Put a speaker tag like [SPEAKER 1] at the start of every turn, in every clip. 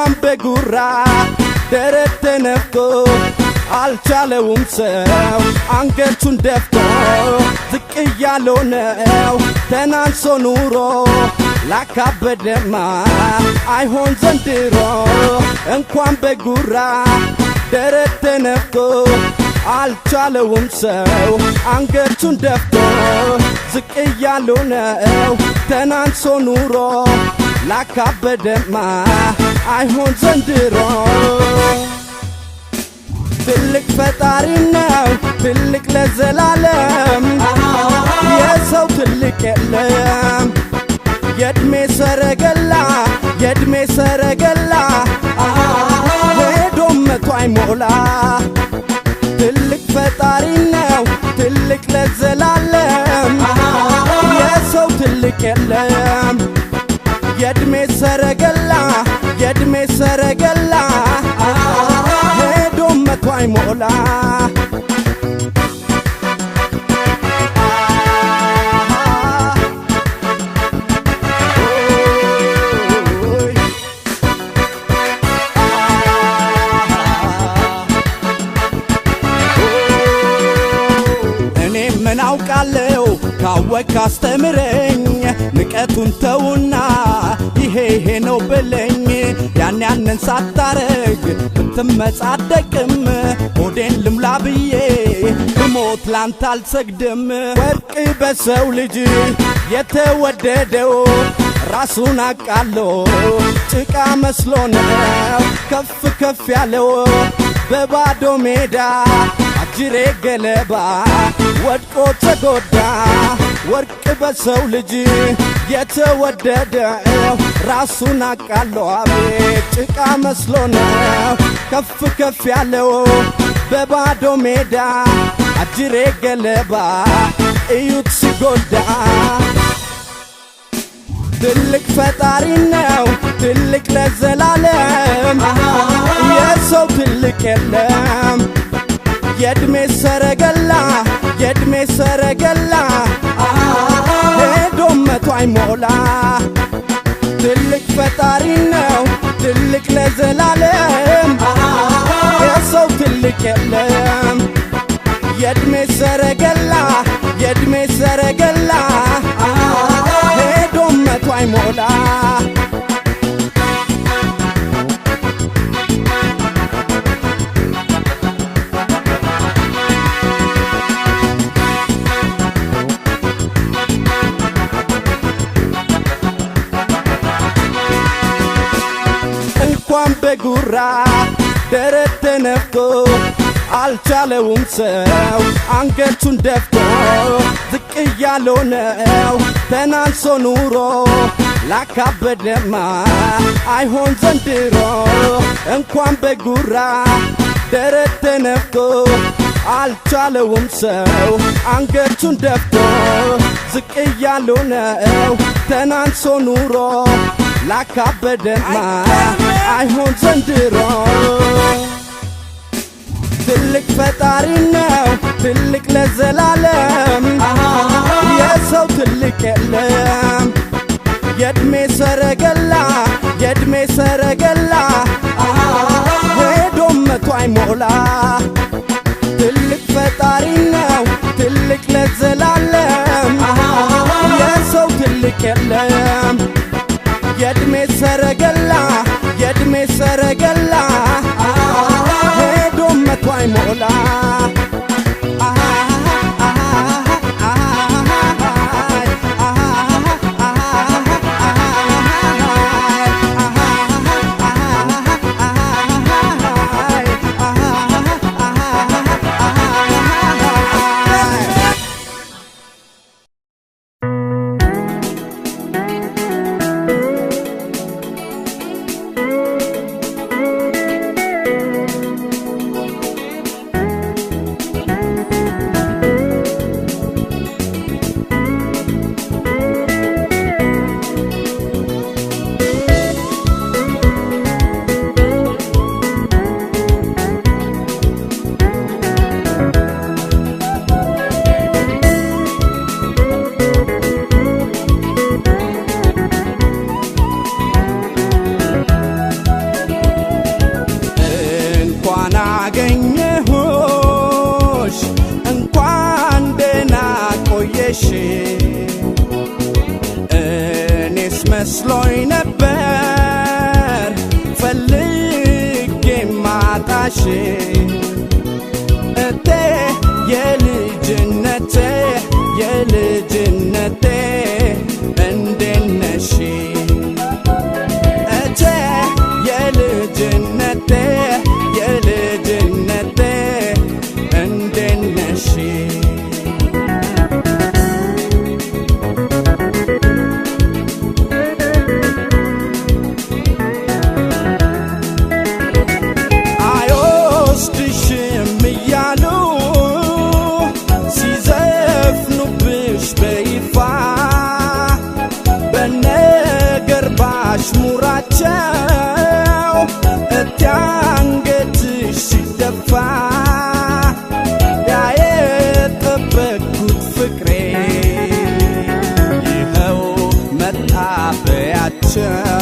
[SPEAKER 1] ሆዷን በጉራ ደረት ተነፍቶ አልቻለውም ሰው አንገቱን ደፍቶ ዝቅ እያለው ነው ተናንሶ ኑሮ ላካበደማ አይሆን ዘንድሮ እንኳን በጉራ ደረት ተነፍቶ አልቻለውም ሰው አንገቱን ደፍቶ ዝቅ እያለው ነው ተናንሶ ኑሮ ላካበደማ አይሆን ዘንድሮ ትልቅ ፈጣሪ ነው ትልቅ ለዘላለም የሰው ትልቅ የለም የእድሜ ሰረገላ የእድሜ ሰረገላ ሄዶም መቶ አይሞላ ትልቅ ፈጣሪ ነው ትልቅ ለዘላለም የሰው ትልቅ የለም የእድሜ ሰረ ሞላ እኔ ምን አውቃለው ካወክ አስተምረኝ ንቀቱን ተውና ይሄ ይሄ ነው ብለኝ ያን ያንን ሳታረግ ብትመጻደቅ ላንተ አልሰግድም። ወርቅ በሰው ልጅ የተወደደው ራሱን አቃሎ ጭቃ መስሎ ነው ከፍ ከፍ ያለው በባዶ ሜዳ አጅሬ ገለባ ወድቆ ተጎዳ። ወርቅ በሰው ልጅ የተወደደ ራሱን አቃሎ አቤት ጭቃ መስሎ ነው ከፍ ከፍ ያለው በባዶ ሜዳ አጅሬ ገለባ እዩት ሲጎዳ ትልቅ ፈጣሪ ነው ትልቅ ለዘላለም የሰው ትልቅ የለም የእድሜ ሰረገላ የእድሜ ሰረገላ ሄዶ መቶ አይሞላ ትልቅ ፈጣሪ ነው ትልቅ ለዘላለም የሰው ትልቅ የለም የእድሜ ሰረገላ የእድሜ ሰረገላ ሄዶም መቶ አይሞላ እንኳን በጉራ ደረት ተነፍቶ አልቻለውም ሰው አንገቱን ደፍቶ ዝቅ እያለው ነው ተናንሶ ኑሮ ላካበደማ አይሆን ዘንድሮ እንኳን በጉራ ደረት ተነፍቶ አልቻለውም ሰው አንገቱን ደፍቶ ዝቅ እያለው ነው ተናንሶ ኑሮ ላካበደማ አይሆን ዘንድሮ ትልቅ ፈጣሪ ነው ትልቅ ለዘላለም የሰው ትልቅ የለም የእድሜ ሰረገላ የእድሜ ሰረገላ ሄዶ መቶ አይሞላ ትልቅ ፈጣሪ ነው ትልቅ ለዘላለም የሰው ትልቅ የለም የእድሜ ሰረገላ mola achei Yeah.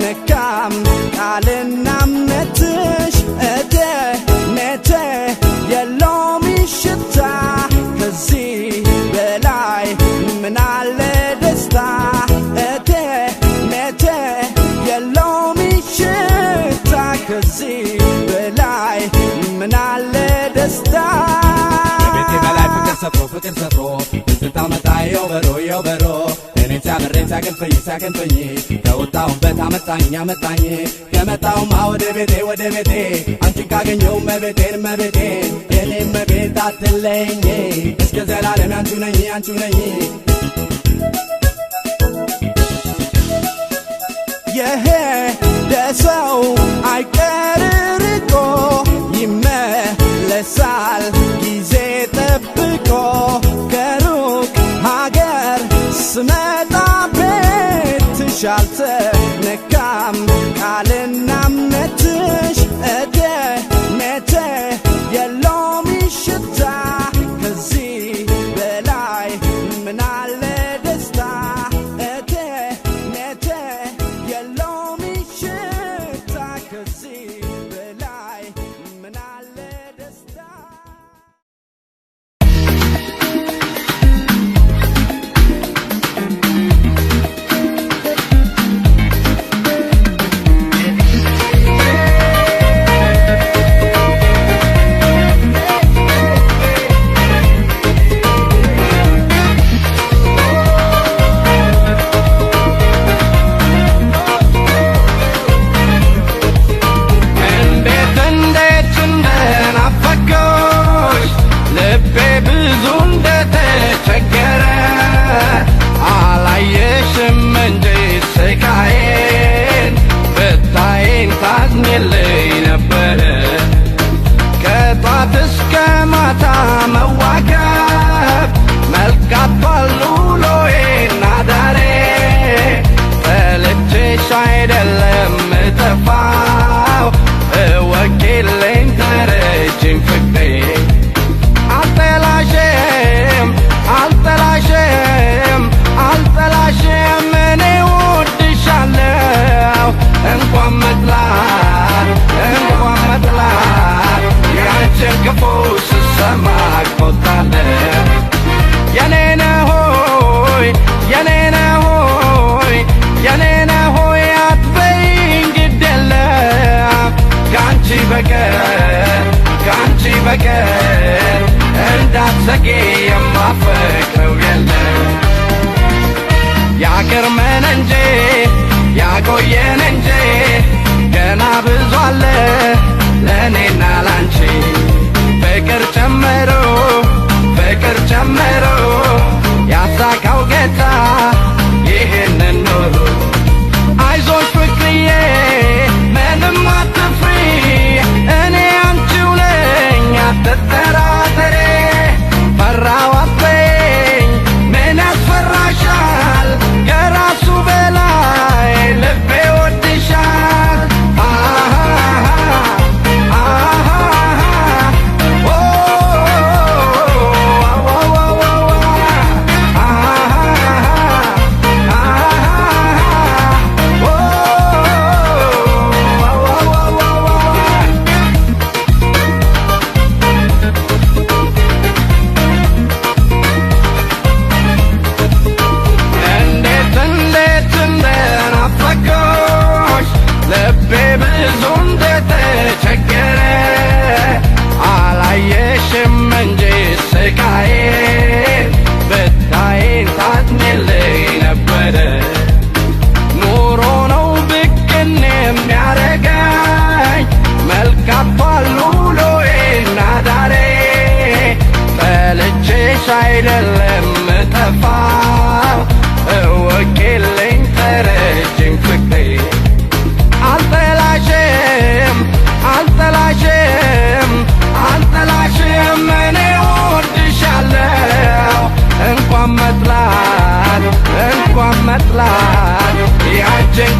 [SPEAKER 1] ነካም ቃልና እምነትሽ እድነቴ የለውም ሽታ ከዚህ በላይ ምናለ ደስታ እድነቴ የለውም ሽታ ከዚህ በላይ ምናለ ደስታ
[SPEAKER 2] ከቤቴ በላይ ፍቅር ሰጥሮ ፍቅር ሰጥሮ ስንት አመጣ የው ሳቅልፍኝ ሳቅልፍኝ ከወጣሁበት አመጣኝ አመጣኝ ከመጣሁማ ወደ ቤቴ ወደ ቤቴ አንቺን ካገኘው መቤቴን መቤቴ የኔ መቤት አትለኝ እስከ ዘላለም አንቺ ነኝ አንቺ ነኝ
[SPEAKER 1] ይሄ ደሰው አይቀርርቆ ይመለሳል ጊዜ ጠብቆ ከሩቅ ሀገር ስመ și al țării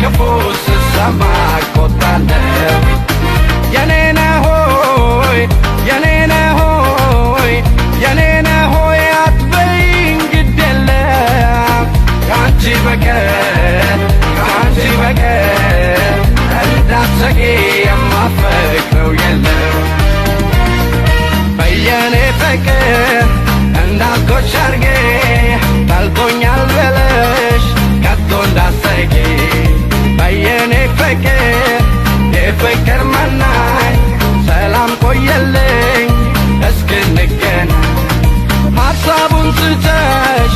[SPEAKER 1] ክፉ ስሰማ ቆጣለው የኔነ ሆይ የኔነ ሆይ የኔነ ሆይ አትበይኝ ግድ የለም ከአንቺ በቀር ከአንቺ በቀር እንዳትሰቂ የማፈቅረው የለም በየኔ ፍቅር እንዳልኮች አርጌ ጠልቶኛል በለሽ ከቶ እንዳትሰቂ ፍቅር የፍቅር መናኝ ሰላም ቆየልኝ እስክንገና ሀሳቡን ስጨሽ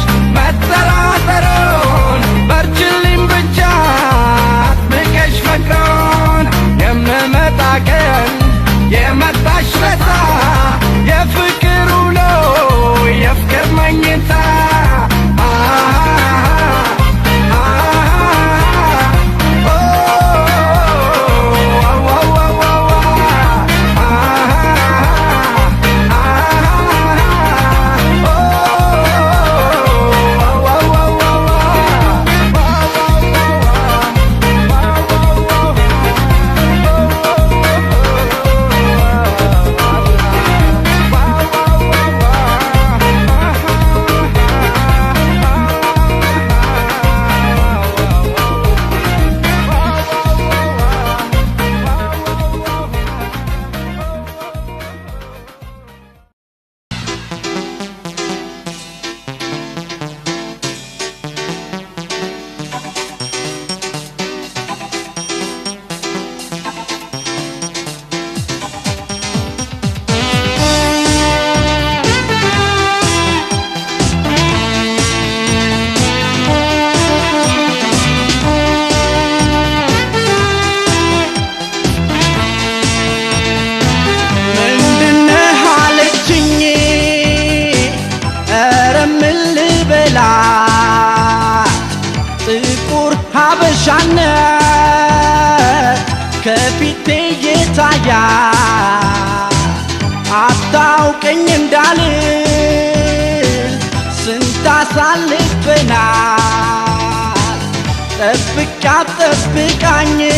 [SPEAKER 1] Se spiccate, spiccagni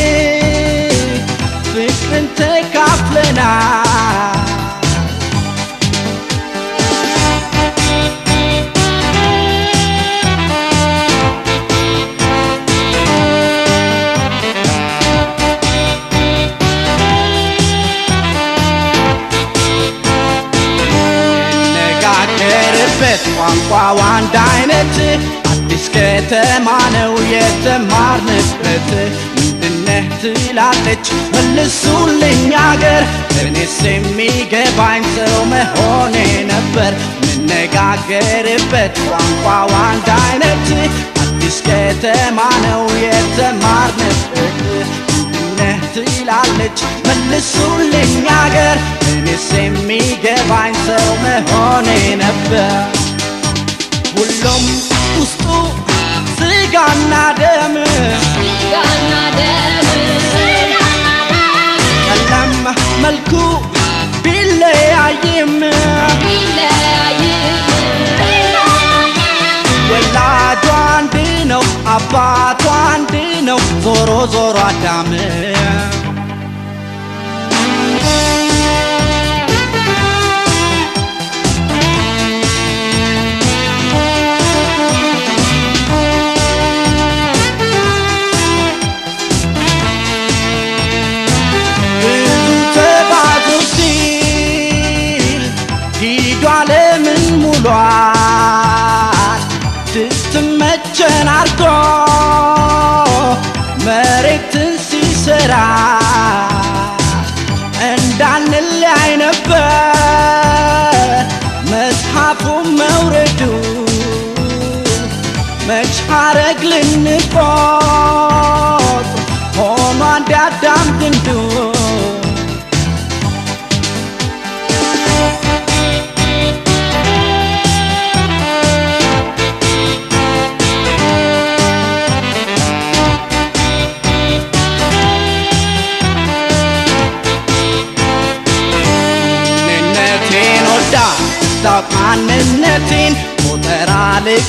[SPEAKER 1] Spiccante caplena Nega che rispetto Anqua one dine አዲስ ከተማ የተማርንበት። ምንድነህ ትላለች መልሱልኝ አገር። እኔስ የሚገባኝ ሰው መሆኔ ነበር። ምነጋገርበት ቋንቋ አንድ አይነት አዲስ ከተማ ነው የተማርንበት። ምንድነህ ትላለች መልሱልኝ አገር። እኔስ የሚገባኝ ሰው መሆኔ ነበር። ሁሉም ውስጡ ስጋና ደም ቀለም መልኩ ቢለያይም ወላጁ አንድ ነው፣ አባቱ አንድ ነው። ዞሮ ዞሮ አዳም ማንነቴን ሞተራ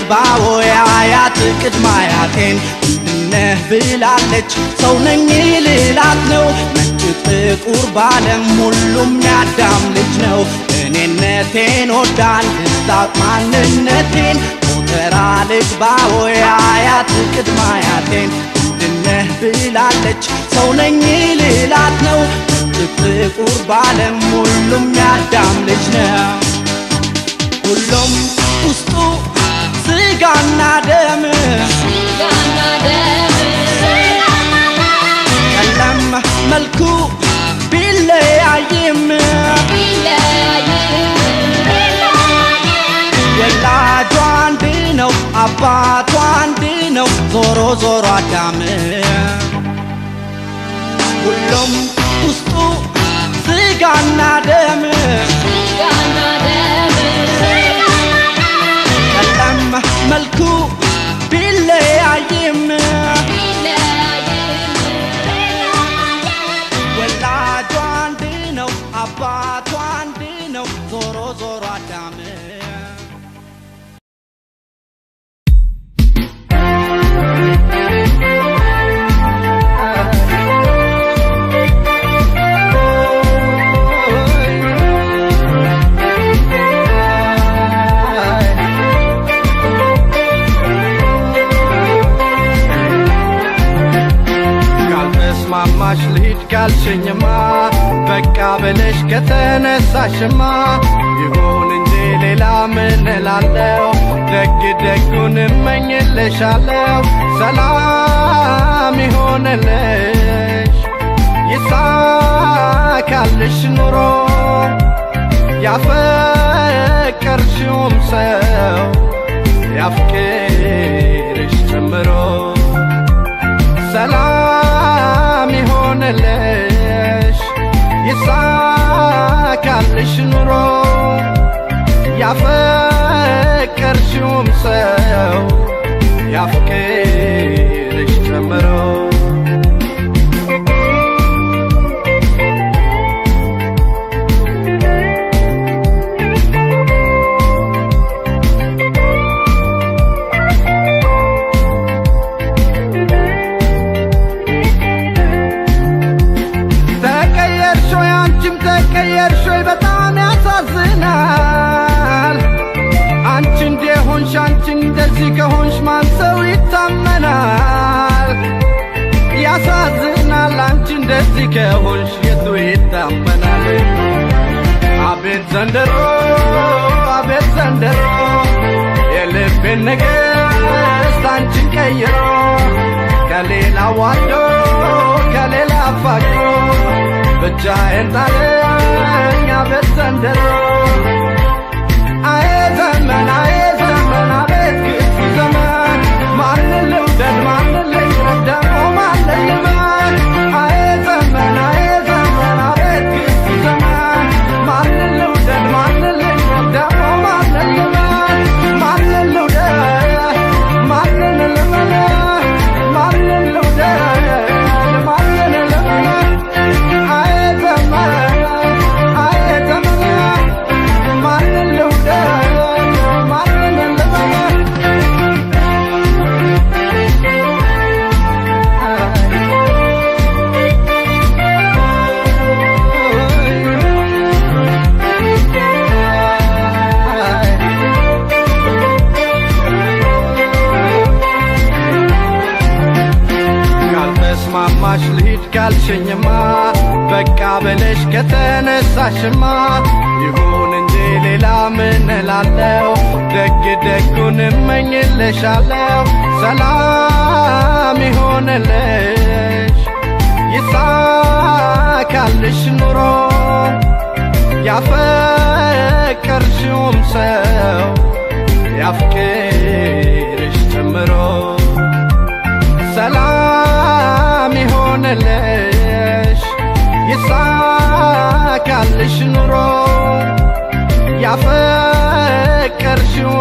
[SPEAKER 1] ባወያያት ቅድማያቴን ቅድመ ምንድነህ ብላለች ሰውነኝ ልላት ነው ነጭ ጥቁር ባለም ሁሉም ያዳም ልጅ ነው እኔነቴን ወዳን ክስታት ማንነቴን ሞተራ ባወያያት ቅድማያቴን ምንድነህ ብላለች ሰውነኝ ልላት ነው ጥቁር ባለም ሁሉም ያዳም ልጅ ነው ሁሉም ውስጡ ስጋና ደም ቀለም መልኩ ቢለያይም የላጇ አንድ ነው አባቷ አንድ ነው ዞሮ ዞሮ አዳም al cu. ካልሽኝማ በቃ ብለሽ ከተነሳሽማ ይሁን እንጂ ሌላ ምን እላለሁ? ደግ ደጉን እመኝልሻለሁ። ሰላም ይሆንልሽ፣ ይሳካልሽ ኑሮ ያፈቀርሽውም ሰው ያፍቅርሽ ጨምሮ ሰላም ይሆንልሽ ይሳካልሽ ኑሮ ያፈቀርሽውም ሰው ያፍቅር አዋጆ ከሌላ አፋጆ ብቻዬን ጣለ ሳሽማ ይሁን እንጂ ሌላ ምን እላለው? ደግ ደጉን እመኝልሻለው። ሰላም ይሆንልሽ፣ ይሳካልሽ ኑሮ ያፈቀርሽውም ሰው ያፍቅርሽ ጨምሮ ሰላም ይሆንልሽ ካለሽ ኑሮ ያፈቀርሽው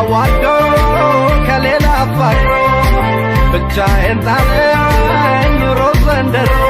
[SPEAKER 1] አዋዶ ከሌላ አፋቅሮ ብቻዬን ጣለኝ ኑሮ ዘንደሮ